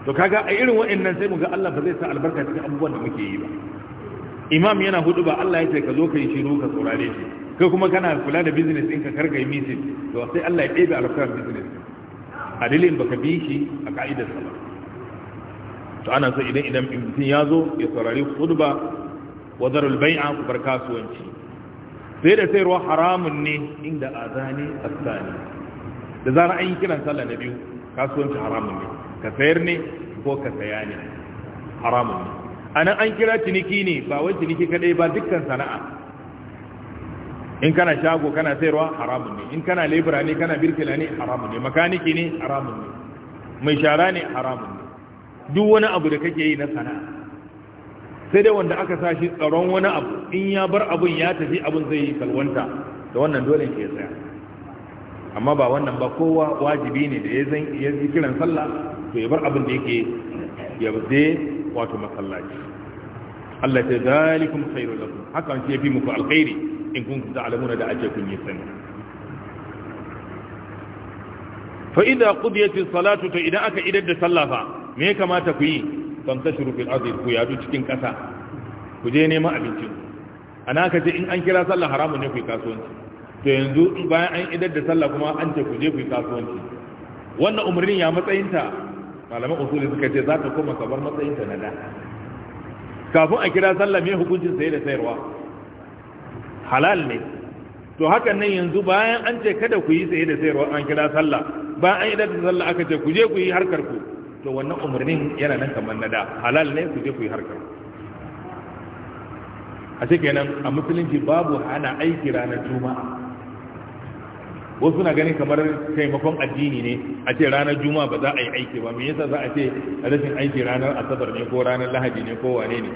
to kaga a irin wa'annan sai mu ga Allah ba zai sa albarka cikin abubuwan da muke yi ba imam yana hudu ba Allah ya ce ka zo ka yi shiru ka saurare shi kai kuma kana kula da business ɗinka ka yi meeting to sai Allah ya ɗebe albarkar business a dalilin baka bi shi a ka'idarsa ba to ana so idan idan mutum ya zo ya saurari khutba wa zarul bai'a ku bar kasuwanci sai da sayarwa haramun ne inda a azani asani da zara an yi kiran sallah na biyu kasuwanci haramun ne ka sayar ne ko ka saya ne haramun ne A nan an kira ciniki ne ba wai ciniki kadai ba dukkan sana'a in kana shago kana sayarwa haramun ne in kana lebura ne kana birkila ne haramun ne makaniki ne haramun ne mai shara ne haramun ne duk wani abu da kake yi na sana'a sai dai wanda aka sa shi tsaron wani abu in ya bar abun ya tafi abun zai yi salwanta da wannan dole ke tsaya amma ba wannan ba kowa wajibi ne da ya zan iya kiran sallah to ya bar abin da yake ya bude wato masallaci Allah ta zalikum khairul lakum hakan shi fi muku alkhairi in kun kuntum alamuna da ake kun yi sani fa idza qudiyat as-salatu to idan aka idar da sallah fa me kamata ku yi shuru fil ardi ku yadu cikin ƙasa ku je neman abinci ana ka ce in an kira sallah haramun ne ku yi kasuwanci to yanzu bayan an idar da sallah kuma an ce ku je ku yi kasuwanci wannan umarnin ya matsayinta malaman usuli suka ce za ta koma kamar matsayinta na da kafin a kira sallah me hukuncin saye da sayarwa halal ne to hakan nan yanzu bayan an ce kada ku yi saye da sayarwa an kira sallah bayan an idar da sallah aka ce ku je ku yi harkar ku to wannan umarnin yana nan kamar na da halal ne ku je ku yi harkar a nan, a musulunci babu hana aiki ranar juma'a wasu na ganin kamar taimakon addini ne a ce ranar juma'a ba za a yi aiki ba me yasa za a ce rashin aiki ranar asabar ne ko ranar lahadi ne ko wane ne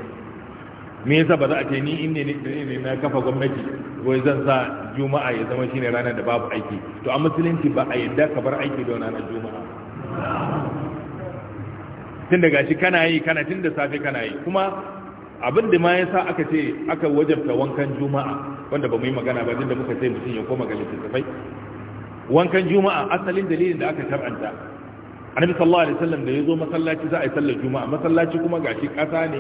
me yasa ba za a ce ni in ne na kafa gwamnati ko zan sa juma'a ya zama shine ranar da babu aiki to a musulunci ba a yadda ka bar aiki don ranar juma'a tun daga shi kana yi kana tun da safe kana yi kuma abin da ma yasa aka ce aka wajabta wankan juma'a wanda ba mu yi magana ba tunda muka ce mutum ya koma ga littattafai wankan juma'a asalin dalilin da aka shar'anta annabi sallallahu alaihi wasallam da yazo masallaci za a yi sallar juma'a masallaci kuma gashi kasa ne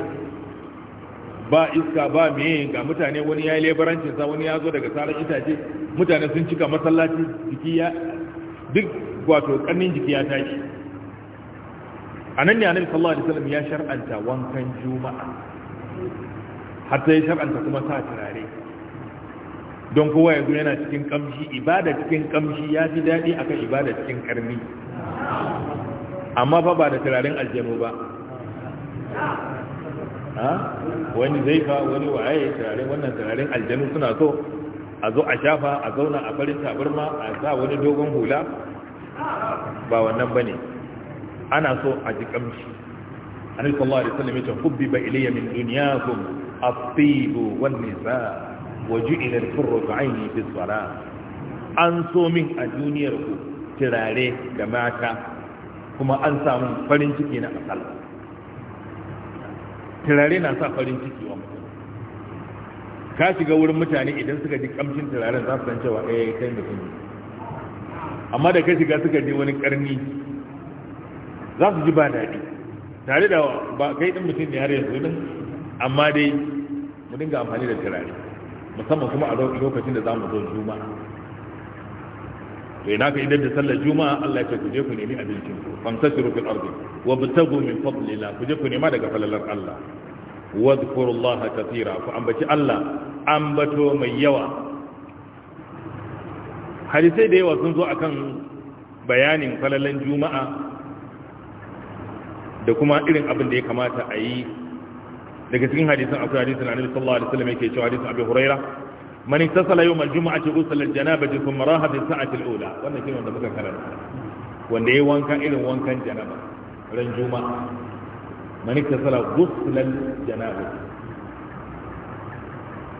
ba iska ba meye ga mutane wani ya yi lebarancin sa wani ya zo daga sarar itace mutane sun cika masallaci jiki ya duk wato kannin jiki ya tashi a nan ne annabi sallallahu wasallam ya shar'anta wankan juma'a hatta ya shar'anta kuma sa turare don kowa ya yanzu yana cikin kamshi ibada cikin kamshi ya fi daɗi akan ibada cikin karni amma fa ba da turaren aljanu ba wani zai fa wani waye turaren wannan turaren aljanu suna so a zo a shafa a zauna a farin tabarma a sa wani dogon hula ba wannan ba ne ana so a ji kamshi annabi sallallahu alaihi wasallam yace ba ilayya min dunyakum at-tib wan nisa wa ju'ila al-qurratu aini fi salat an so min a duniyar ku tirare ga mata kuma an samu farin ciki na asal tirare na sa farin ciki wa mutum ka shiga wurin mutane idan suka ji kamshin turaren za su san cewa eh kai mutum amma da ka shiga suka ji wani karni za su ji ba daɗi tare da ba kai ɗin mutum ne har yanzu ɗin amma dai mu dinga amfani da turare musamman kuma a lokacin da za mu zo juma'a to ina ka idan da sallar juma'a Allah ya ce ku je ku nemi abincin ku famtasiru rufin ardi wa btagu min fadlillah ku je ku nema daga falalar Allah wa dhkurullaha katira ku ambaci Allah ambato mai yawa hadisai da yawa sun zo akan bayanin falalan juma'a da kuma irin abin da ya kamata a yi daga cikin hadisan akwai hadisan annabi sallallahu alaihi wasallam yake cewa hadisin abu huraira man ittasala yawm al-jum'ati ghusla al-janabati thumma raha fi sa'ati al-ula wannan shine wanda muka karanta wanda yayi wanka irin wankan janaba ran juma'a man ittasala ghusla al-janabati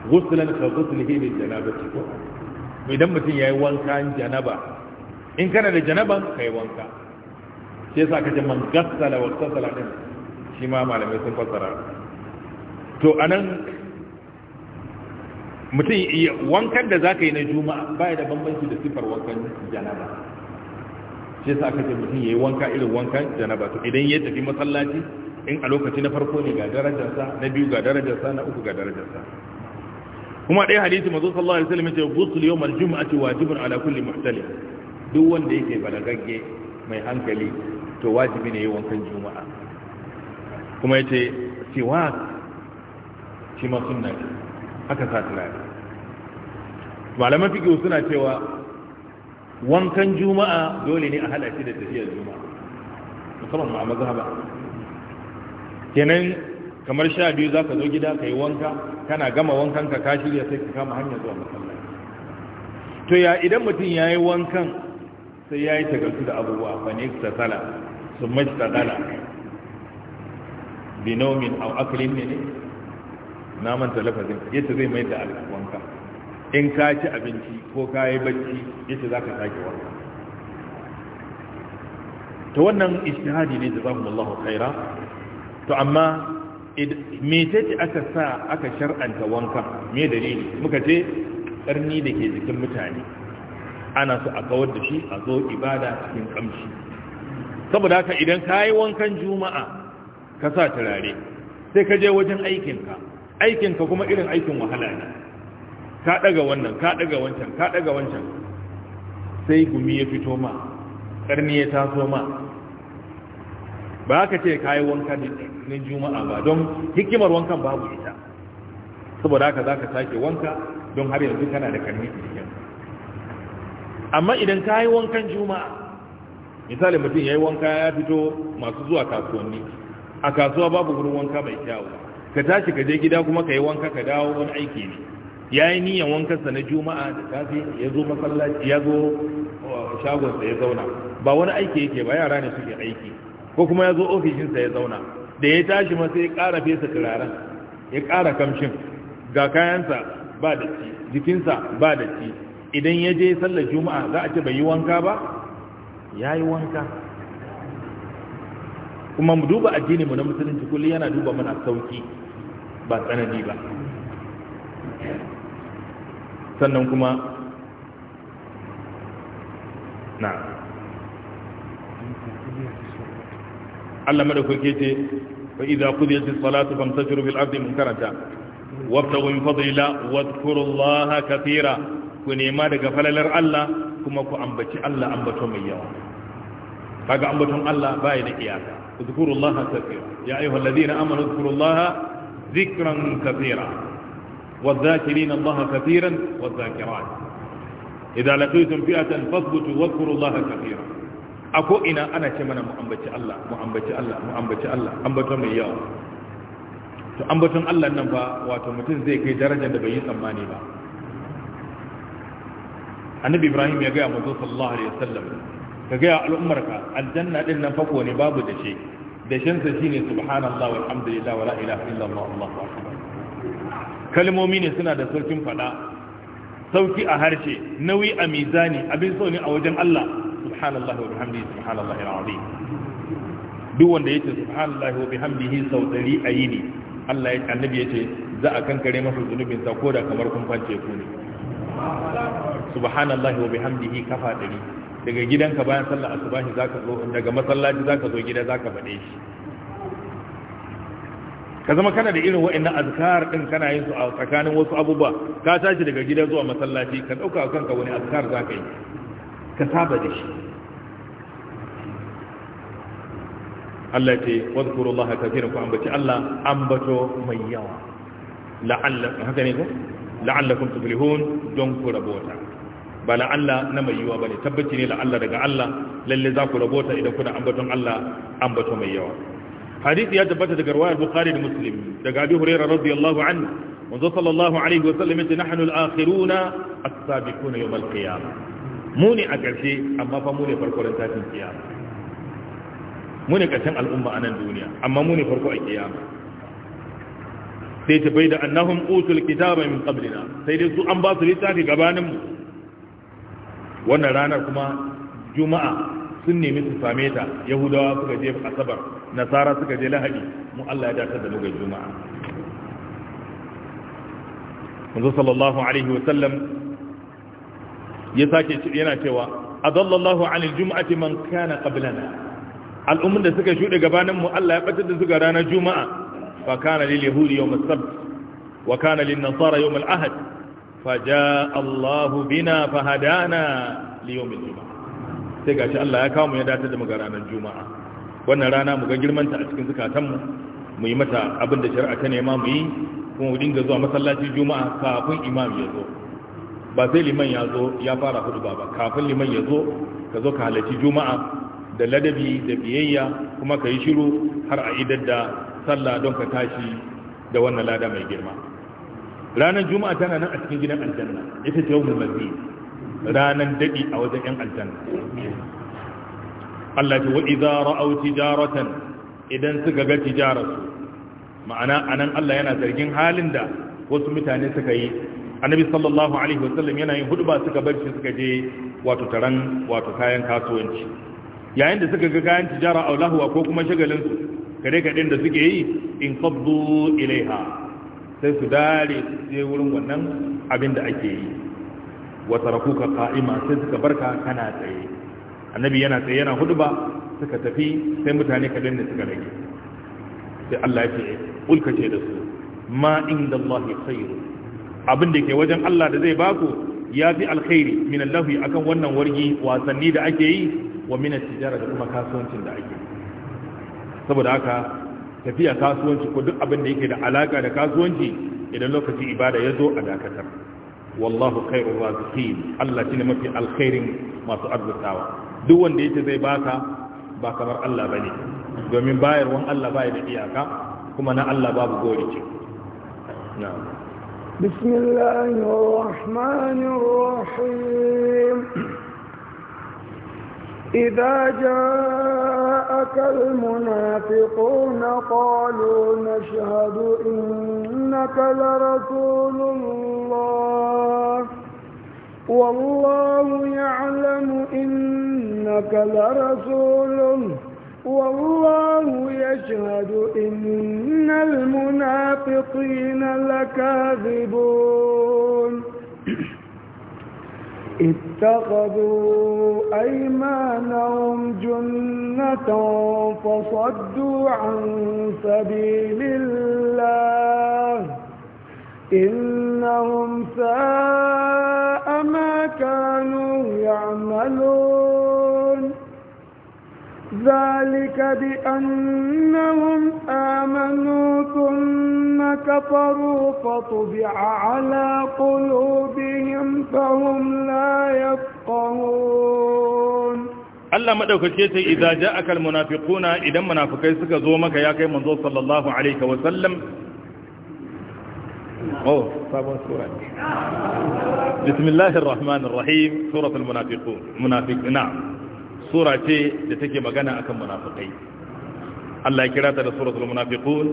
ghuslan ka ghuslihi lil-janabati idan mutum yayi wankan janaba in kana da janaban kai wanka sai sa kace man gassala wa tasala din shi ma malamai sun fassara to anan mutum wankan da zaka yi na juma'a baya da bambanci da sifar wankan janaba sai sa kace mutum yayi wanka irin wankan janaba to idan ya tafi masallaci in a lokaci na farko ne ga darajarsa na biyu ga darajarsa na uku ga darajarsa kuma ɗaya hadisi mazo sallallahu alaihi wasallam yace ghusl yawm al-jum'ati wajibun ala kulli muhtalim duk wanda yake balagagge mai hankali to wajibi ne yi wankan juma'a kuma ya ce siwak shi ma sunna ce aka sa tunani malaman fiƙi suna cewa wankan juma'a dole ne a hada shi da tafiyar juma'a musamman ma mazhaba kenan kamar sha biyu za ka zo gida ka yi wanka kana gama wankan ka ka shirya sai ka kama hanyar zuwa masallaci to ya idan mutum ya yi wankan sai ya yi tagartu da abubuwa fa ne ta sala sun mashtagala binomin au aklin ne na manta lafazin yace zai mai da wanka in ka ci abinci ko ka yi bacci yace za ka sake wanka to wannan ishtihadi ne khaira to amma metete aka sa aka shar'anta wanka me dalili muka ce karni da ke jikin mutane ana so a kawar da shi a zo ibada cikin kamshi saboda haka idan ka yi wankan juma'a ka sa turare sai ka je wajen aikinka aikinka kuma irin aikin wahala ne ka daga wannan ka daga wancan ka daga wancan sai gumi ya fito ma karni ya taso ma ba ka ce ka yi wankan na juma'a ba don hikimar wankan babu ita saboda haka za ka sake wanka don har yanzu kana da karni amma idan ka yi wankan juma'a misali mutum ya yi wanka ya fito masu zuwa kasuwanni a kasuwa babu wurin wanka mai kyawu ka tashi ka je gida kuma ka yi wanka ka dawo wani aiki ne ya yi niyan wankansa na juma'a da safe ya zo masallaci ya zo uh, shagonsa ya zauna ba wani aiki yake ba yara ne suke aiki ko kuma ya zo ofishinsa ya zauna da ya tashi ma ya ƙara fesa turaren ya ƙara kamshin ga kayansa ba da ci jikinsa ba da ci idan ya je sallar juma'a za a ce bai yi wanka ba ya yi wanka kuma mu duba addini mu na musulunci kullum yana duba mana sauki ba tsanani ba sannan kuma na Allah madaukake ce fa idza qudiyatis salatu famtashiru fil ardi munkarata wabtaghu min fadlillah wadhkurullaha katira ku nema daga falalar Allah kuma ku ambaci Allah ambato mai yawa kaga ambaton Allah baya da iyaka uzkurullaha kathira ya ayyuhal ladina amanu uzkurullaha dhikran kathira wadh-dhakirina Allah kathiran wadh-dhakirat idza laqitum fi'atan fathbutu wadhkurullaha kathira ako ina ana ce mana mu ambaci Allah mu ambaci Allah mu ambaci Allah ambato mai yawa to ambaton Allah nan ba wato mutum zai kai darajar da bai yi tsammani ba annabi ibrahim ya gaya mazo sallallahu alaihi wasallam ka gaya al'ummarka aljanna din nan fako ne babu da shi da shansa shine subhanallahi walhamdulillah wala ilaha illallah allahu akbar kalmomi ne suna da saukin fada sauki a harshe nauyi a mizani abin so ne a wajen Allah subhanallahi wa bihamdihi subhanallahi alazim duk wanda yace subhanallahi wa bihamdihi sau 100 a yini Allah ya annabi yace za a kankare masa zunubin sa koda kamar kun fance ku ne subhanallahi wa bihamdihi kafa ɗari daga gidanka bayan sallar asubahi zaka zo daga masallaci zaka zo gida zaka bade shi ka zama kana da irin wa'annan azkar din kana yin su a tsakanin wasu abubuwa ka tashi daga gida zuwa masallaci ka dauka kanka wani azkar zaka yi ka saba da shi Allah ce wadkurullaha kafiran ku ambaci Allah ambato mai yawa la'allakum haka ne ko la'allakum tuflihun don ku rabota ba allah na mai yiwa bane tabbaci ne allah daga Allah lalle za ku rabota idan kuna ambaton Allah ambato mai yawa hadisi ya tabbata daga riwayar bukhari da muslim daga abi hurairah radiyallahu anhu manzo sallallahu alaihi wa sallam yace nahnu al-akhiruna as-sabiquna yawm al-qiyamah mu ne a ƙarshe amma fa mu ne farko ran tashin kiyama mu ne ƙarshen al'umma a nan duniya amma mu ne farko a kiyama sai ta bai da annahun utul kitaba min qablina sai dai su an ba su littafi gabanin mu wannan ranar kuma juma'a sun nemi su same ta yahudawa suka je asabar nasara suka je lahadi mu Allah ya dace da lugar juma'a manzo sallallahu alaihi wa sallam ya sake yana cewa adallallahu anil jum'ati man kana qablana al'ummin da suka shude gabanin mu Allah ya batar da su ga ranar juma'a fa kana lil yahudi yawm as-sabt wa kana lin nasara yawm al-ahad فجاء الله بنا فهدانا ليوم الجمعة sai gashi Allah ya kawo mu ya dace da mu ga ranar Juma'a wannan rana mu ga girman ta a cikin zakatan mu mu yi mata abin da shari'a ta nema mu yi kuma mu dinga zuwa masallaci Juma'a kafin imam ya zo ba sai liman ya zo ya fara hudu ba kafin liman ya zo ka zo ka halarci Juma'a da ladabi da biyayya kuma ka yi shiru har a idar da sallah don ka tashi da wannan lada mai girma ranar juma'a tana nan a cikin gidan aljanna ita ce yawmul mazi ranar daɗi a wajen yan aljanna Allah ce wa idza ra'aw tijaratan idan suka ga tijararsu ma'ana nan Allah yana zargin halin da wasu mutane suka yi annabi sallallahu alaihi wasallam yana yin hudba suka bar shi suka je wato wato kayan kasuwanci yayin da suka ga kayan tijara a lahuwa ko kuma shagalinsu, kare kaden da suke yi in qabdu ilaiha sai su dare su je wurin wannan abin da ake yi wa tarakuka ka'ima sai suka barka kana tsaye annabi yana tsaye yana ba. suka tafi sai mutane kadan da suka rage sai Allah ya ce ulka ce da su ma inda Allah khairu abin da ke wajen Allah da zai baku ya fi alkhairi min Allahi akan wannan wargi wasanni da ake yi wa min tijara da kuma kasuwancin da ake saboda haka tafiya kasuwanci ko duk abin da yake da alaka da kasuwanci idan lokaci ibada ya zo a dakatar wallahu khairur raziqin Allah shine mafi alkhairin masu arzikawa duk wanda yake zai baka ba kamar Allah bane domin bayarwan Allah bai da iyaka kuma na Allah babu gorice na'am بسم الله جاءك المنافقون قالوا نشهد إنك لرسول الله والله يعلم إنك لرسول والله يشهد إن المنافقين لكاذبون اتخذوا أيمانهم جنة فصدوا عن سبيل الله إنهم ساء ما كانوا يعملون ذلك بأنهم آمنوا ثم كفروا فطبع على قلوبهم فهم لا يفقهون Allah madaukake ce idza ja'aka almunafiquna idan munafikai suka zo maka ya kai manzo sallallahu alaihi wa sallam oh sabon sura bismillahir rahmanir rahim suratul munafiqun munafiqun na'am sura ce da take magana akan munafikai Allah ya kira ta da suratul munafiqun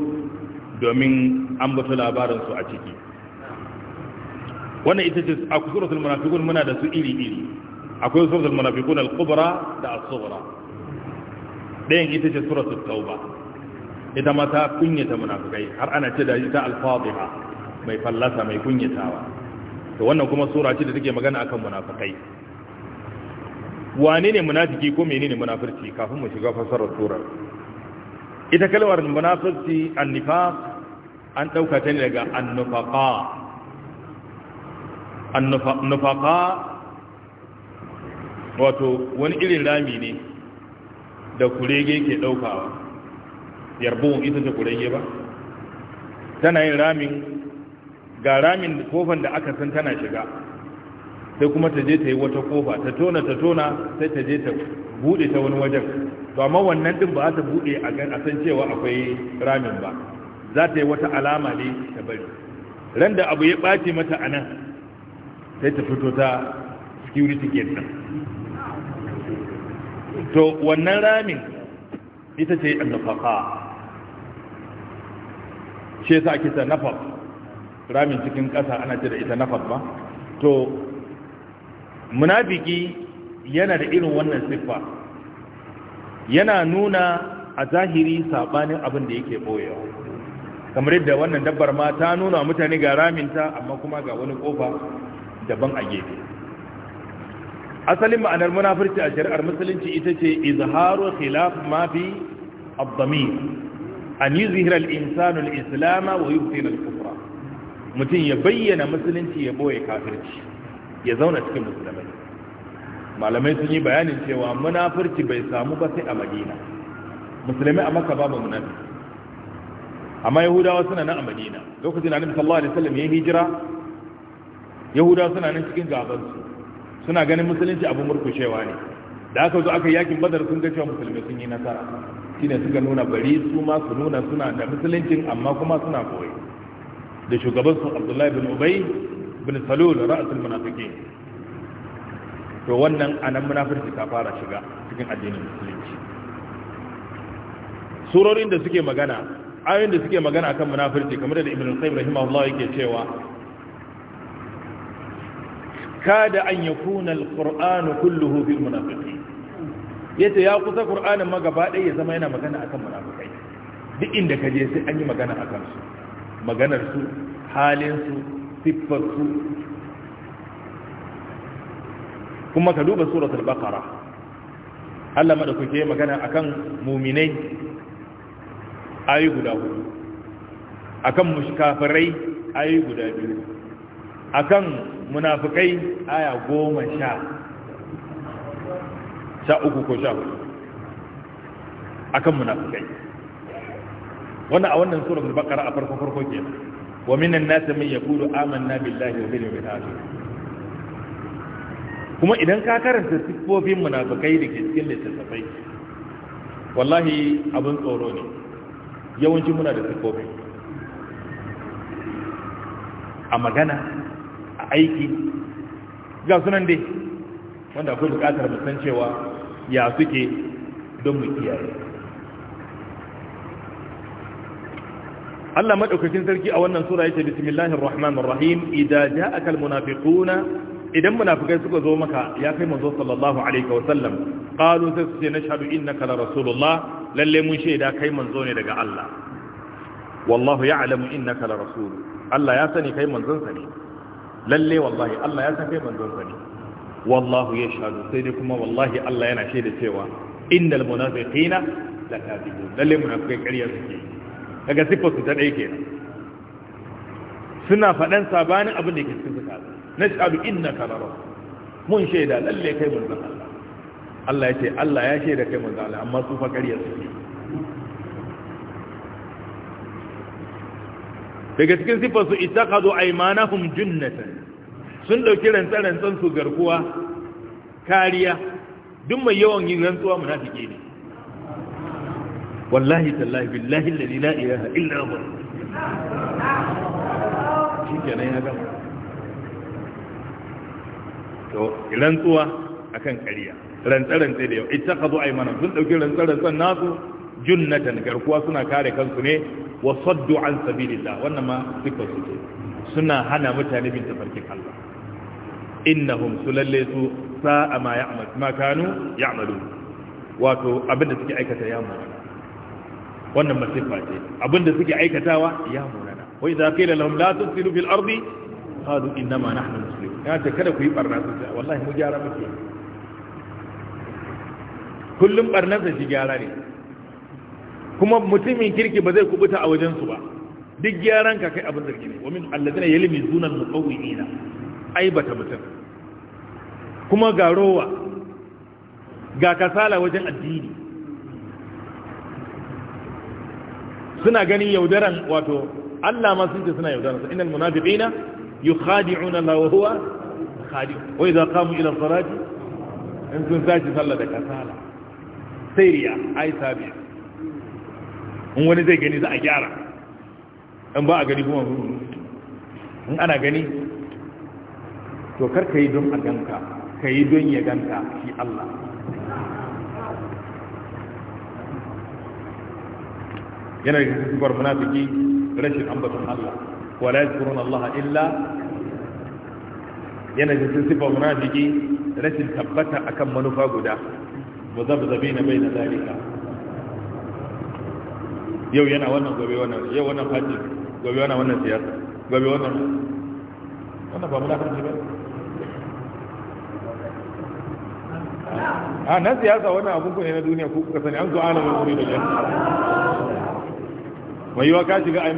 domin an bata labarin su a ciki wannan ita ce a suratul munafiqun muna da su iri iri akwai suratul munafiqun al-kubra da as-sughra dayan ita ce suratul tauba ita ma ta kunyata munafikai har ana ce da ita al-fadhiha mai fallasa mai kunyatawa to wannan kuma sura ce da take magana akan munafikai wane ne munafiki ko ne munafirci kafin mu shiga fasarar turar? ita kalmar munafirci annifaq an dauka ta ne daga annufaqa annufaqa wato wani irin rami ne da kurege ke daukawa yarbon ita ta kurege ba tana yin ramin ga ramin kofan da aka san tana shiga sai kuma ta je ta yi wata kofa ta tona ta tona sai ta je ta bude ta wani wajen to amma wannan din ba za ta bude a kan a san cewa akwai ramin ba za ta yi wata alama ne ta bari ran da abu ya ɓaci mata a nan sai ta fito ta security gate din to wannan ramin ita ce annafaka shi yasa ake ta nafaq ramin cikin ƙasa ana ce da ita nafaq ba to munafiki yana da irin wannan siffa yana nuna a zahiri sabanin abin da yake boyewa kamar yadda wannan dabbar ma ta nuna mutane ga raminta amma kuma ga wani kofa daban a gefe asalin ma'anar munafirci a shari'ar musulunci ita ce izharu khilaf ma fi ad-damir an yuzhir al-insanu al-islama wa yubtil al-kufra mutum ya bayyana musulunci ya boye kafirci ya zauna cikin musulmai malamai sun yi bayanin cewa munafurci bai samu ba sai a madina musulmai a maka babu munafi amma yahudawa suna nan a madina lokacin da annabi sallallahu alaihi wasallam ya hijira yahudawa suna nan cikin gaban su suna ganin musulunci abu murkushewa ne da aka zo aka yakin badar sun ga cewa musulmai sun yi nasara shine suka nuna bari su ma su nuna suna da musuluncin amma kuma suna koyi da shugaban su Abdullahi bin Ubay bin salul ra'asul munafiqin to wannan anan munafiki ta fara shiga cikin addinin musulunci surorin da suke magana ayoyin da suke magana akan munafiki kamar da ibnu qayyim rahimahullah yake cewa kada an yakuna alquran kulluhu bil munafiqin yace ya kusa qur'anin ma gaba ɗaya ya zama yana magana akan munafikai duk inda kaje sai an yi magana akan su maganar su halin su siffarsu kuma ka duba suratul baqara Allah ke magana akan muminai ayi guda hudu akan mushkafirai ayi guda biyu akan munafikai aya goma sha sha uku ko sha hudu akan munafikai wannan a wannan suratul baqara a farko farko kenan wa minan ya kudu yaqulu amanna billahi wa bil kuma idan ka karanta siffofin munafukai da ke cikin littattafai wallahi abin tsoro ne yawanci muna da siffofi a magana a aiki ga sunan dai wanda akwai bukatar musan cewa ya suke don mu kiyaye Allah madaukakin sarki a wannan sura yace bismillahir rahmanir rahim idza ja'aka munafiquna idan munafikai suka zo maka ya kai manzo sallallahu alaihi wa sallam qalu sai nashhadu innaka la rasulullah lalle mun shaida kai manzo ne daga Allah wallahu ya'lamu innaka la rasul Allah ya sani kai manzon sa ne lalle wallahi Allah ya san kai manzon sa ne wallahu yashhadu sai dai kuma wallahi Allah yana shaida cewa innal munafiqina lakadibun lalle munafikai ƙarya suke daga siffarsu ta ɗaya kenan suna faɗan sabanin abin da ke cikin zukata na shaɗu inna kararar mun shaida lalle kai zan Allah Allah ya ce Allah ya shaida kai manzan Allah amma su fa ƙaryar su daga cikin siffarsu ittakhadhu aymanahum junnatan sun dauki rantsan rantsan su garkuwa kariya duk mai yawan yin rantsuwa munafiki ne wallahi tallahi billahi alladhi la ilaha illa huwa shikenan ya gama to tsuwa akan ƙarya rantsarantsa da yau ita ka a yi mana sun ɗauki rantsarantsan nasu junnatan garkuwa suna kare kansu ne wa saddu an sabilillah wannan ma suka su suna hana mutane bin tafarkin Allah innahum su lalle su sa'a ma ya'mal ma kanu ya'malu wato abinda suke aikata ya mara wannan masifa ce abinda suke aikatawa ya munana wai da kai yi lahum la tusilu fil ardi qalu inna ma nahnu muslimun ya ce kada ku yi barna su wallahi mu gyara muke kullum barnar da shi gyara ne kuma mutumin kirki ba zai kubuta a wajen su ba duk gyaran ka kai abin zargi ne wamin alladina yalmi zunan Ai bata mutum kuma ga rowa ga kasala wajen addini suna ganin yaudaran wato Allah ma sun ce suna yaudaran sa innal munafiqina yukhadi'una la wa huwa khadi' wa idza qamu ila salati in sun tashi sallah da kasala sai riya ai sabi in wani zai gani za a gyara in ba a gani kuma in ana gani to kar ka yi don a ganka ka yi don ya ganka shi Allah yana da sifar munafiki rashin ambaton Allah wala yadhkuruna Allah illa yana da sifar munafiki rashin tabbata akan manufa guda muzabzabina baina zalika yau yana wannan gobe wannan yau wannan gobe wannan wannan siyasa gobe wannan wannan ba munafiki ba a ah, na siyasa wannan abun ne na duniya ku kuka sani an zo ana mai wuri da janna mai yiwa ka shiga an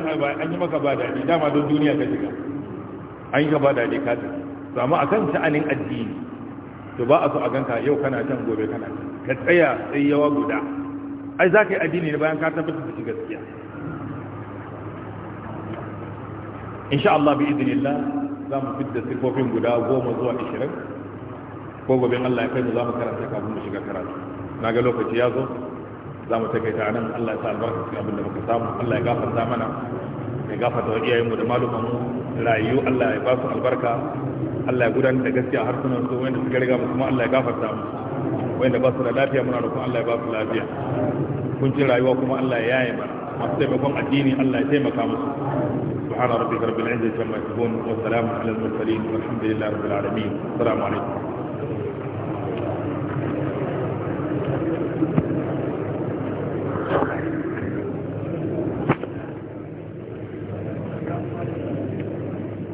yi maka ba daɗi dama don duniya ka shiga an yi ka ba daɗi ka tafi to a kan sha'anin addini to ba a so a ganka yau kana can gobe kana can ka tsaya tsayawa guda ai za ka yi addini ne bayan ka tabbatar da shi gaskiya insha Allah bi idinillah za mu fidda sifofin guda goma zuwa ishirin ko gobe Allah ya kai mu za mu karanta kafin mu shiga karatu na ga lokaci ya zo za mu takaita nan Allah ya sa albarka cikin abin da muka samu Allah ya gafarta mana ya gafarta wa iyayenmu da rayu Allah ya ba su albarka Allah ya gudanar da gaskiya su wanda suka riga mu kuma Allah ya gafarta mu wanda ba su da lafiya muna Allah ya ba su lafiya rayuwa kuma Allah ya yaye mana masu taimakon addini Allah ya taimaka musu subhana rabbika rabbil izzati amma yasifun wa